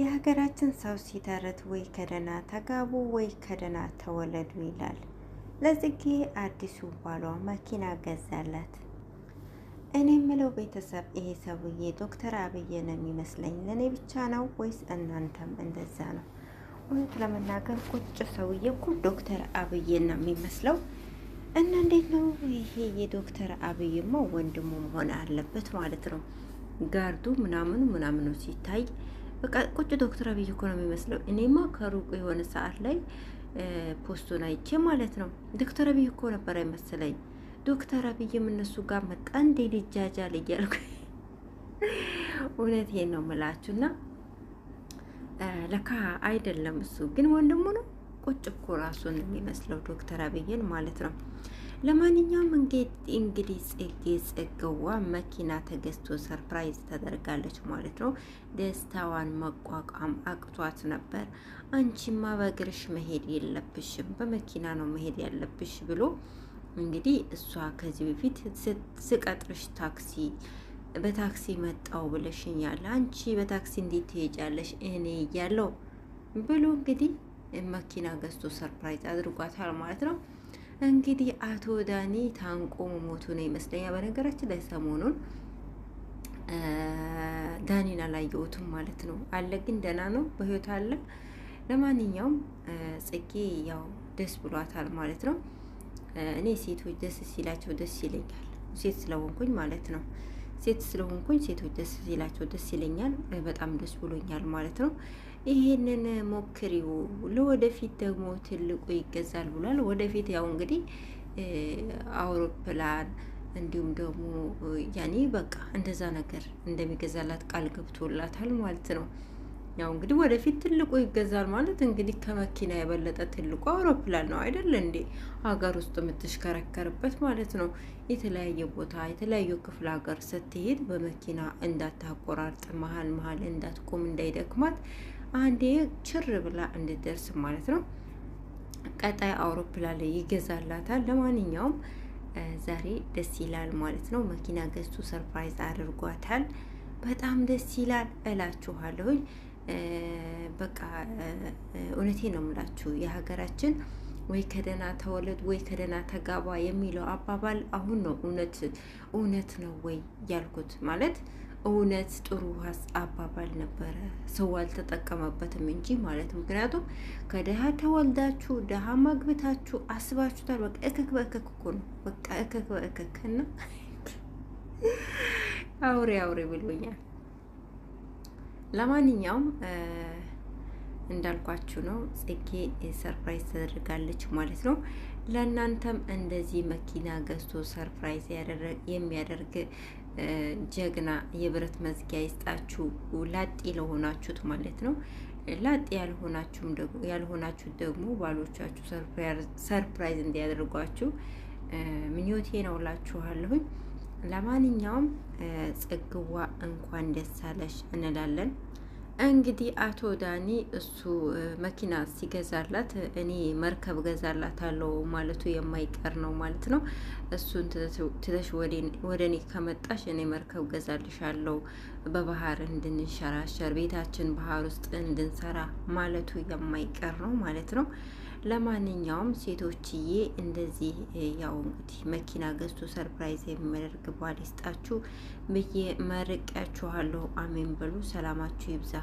የሀገራችን ሰው ሲተረት ወይ ከደና ተጋቡ ወይ ከደና ተወለዱ ይላል። ለጽጌ አዲሱ ባሏ መኪና ገዛላት። እኔ የምለው ቤተሰብ ይሄ ሰውዬ ዶክተር አብይ ነው የሚመስለኝ። ለእኔ ብቻ ነው ወይስ እናንተም እንደዛ ነው? እውነት ለመናገር ቁጭ ሰውዬ እኮ ዶክተር አብይ ነው የሚመስለው። እና እንዴት ነው ይሄ የዶክተር አብይማ ወንድሙም ሆነ አለበት ማለት ነው። ጋርዱ ምናምኑ ምናምኑ ሲታይ በቃ ቁጭ ዶክተር አብይ እኮ ነው የሚመስለው። እኔማ ከሩቁ የሆነ ሰዓት ላይ ፖስቱን አይቼ ማለት ነው ዶክተር አብይ እኮ ነበር አይመስለኝ። ዶክተር አብይም እነሱ ጋር መጣ እንዴ ልጃጃል እያልኩ እውነቴን ነው ምላችሁና ለካ አይደለም እሱ ግን ወንድሙ ነው። ቁጭ እኮ ራሱን የሚመስለው ዶክተር አብይን ማለት ነው። ለማንኛውም እንግዲህ ጽጌ ጽጌዋ መኪና ተገዝቶ ሰርፕራይዝ ተደርጋለች ማለት ነው። ደስታዋን መቋቋም አቅቷት ነበር። አንቺማ በእግርሽ መሄድ የለብሽም በመኪና ነው መሄድ ያለብሽ ብሎ እንግዲህ እሷ ከዚህ በፊት ስቀጥርሽ ታክሲ በታክሲ መጣው ብለሽኛል። አንቺ በታክሲ እንዴት ትሄጃለሽ? እኔ እያለው ብሎ እንግዲህ መኪና ገዝቶ ሰርፕራይዝ አድርጓታል ማለት ነው። እንግዲህ አቶ ዳኒ ታንቆ መሞቱ ነው ይመስለኛል። በነገራችን ላይ ሰሞኑን ዳኒን አላየሁትም ማለት ነው። አለ ግን ደህና ነው፣ በህይወት አለ። ለማንኛውም ጽጌ ያው ደስ ብሏታል ማለት ነው። እኔ ሴቶች ደስ ሲላቸው ደስ ይለኛል፣ ሴት ስለሆንኩኝ ማለት ነው። ሴት ስለሆንኩኝ ሴቶች ደስ ሲላቸው ደስ ይለኛል። በጣም ደስ ብሎኛል ማለት ነው። ይሄንን ሞክሪው ለወደፊት ደግሞ ትልቁ ይገዛል ብሏል። ወደፊት ያው እንግዲህ አውሮፕላን እንዲሁም ደግሞ ያኔ በቃ እንደዛ ነገር እንደሚገዛላት ቃል ገብቶላታል ማለት ነው። ያው እንግዲህ ወደፊት ትልቁ ይገዛል ማለት እንግዲህ ከመኪና የበለጠ ትልቁ አውሮፕላን ነው አይደል እንዴ? ሀገር ውስጥ የምትሽከረከርበት ማለት ነው። የተለያየ ቦታ የተለያዩ ክፍለ ሀገር ስትሄድ በመኪና እንዳታቆራርጥ፣ መሀል መሀል እንዳትቆም፣ እንዳይደክማት አንዴ ችር ብላ እንድደርስ ማለት ነው። ቀጣይ አውሮፕላን ላይ ይገዛላታል። ለማንኛውም ዛሬ ደስ ይላል ማለት ነው። መኪና ገዝቶ ሰርፕራይዝ አድርጓታል። በጣም ደስ ይላል እላችኋለሁኝ። በቃ እውነቴ ነው የምላችሁ የሀገራችን ወይ ከደህና ተወለድ ወይ ከደህና ተጋባ የሚለው አባባል አሁን ነው እውነት እውነት ነው ወይ ያልኩት ማለት እውነት ጥሩ አባባል ነበረ። ሰው አልተጠቀመበትም እንጂ ማለት ምክንያቱም ከድሀ ተወልዳችሁ ድሀ ማግብታችሁ አስባችሁታል። በቃ እከክ በእከክ እኮ ነው። በቃ እከክ በእከክ እና አውሬ አውሬ ብሎኛል። ለማንኛውም እንዳልኳችሁ ነው ጽጌ ሰርፕራይዝ ተደርጋለች ማለት ነው። ለእናንተም እንደዚህ መኪና ገዝቶ ሰርፕራይዝ የሚያደርግ ጀግና የብረት መዝጊያ ይስጣችሁ፣ ላጤ ለሆናችሁት ማለት ነው። ላጤ ያልሆናችሁት ደግሞ ባሎቻችሁ ሰርፕራይዝ እንዲያደርጓችሁ ምኞቴ ነው እላችኋለሁኝ። ለማንኛውም ጽግዋ እንኳን ደስ አለሽ እንላለን። እንግዲህ አቶ ዳኒ እሱ መኪና ሲገዛላት እኔ መርከብ ገዛላት አለው ማለቱ የማይቀር ነው ማለት ነው። እሱን ትተሽ ወደ እኔ ከመጣሽ እኔ መርከብ ገዛልሽ አለው በባህር እንድንሸራሸር ቤታችን ባህር ውስጥ እንድንሰራ ማለቱ የማይቀር ነው ማለት ነው። ለማንኛውም ሴቶችዬ እንደዚህ ያው እንግዲህ መኪና ገዝቶ ሰርፕራይዝ የሚያደርግ ባል ይስጣችሁ ብዬ መርቂያችኋለሁ። አሜን በሉ። ሰላማችሁ ይብዛ።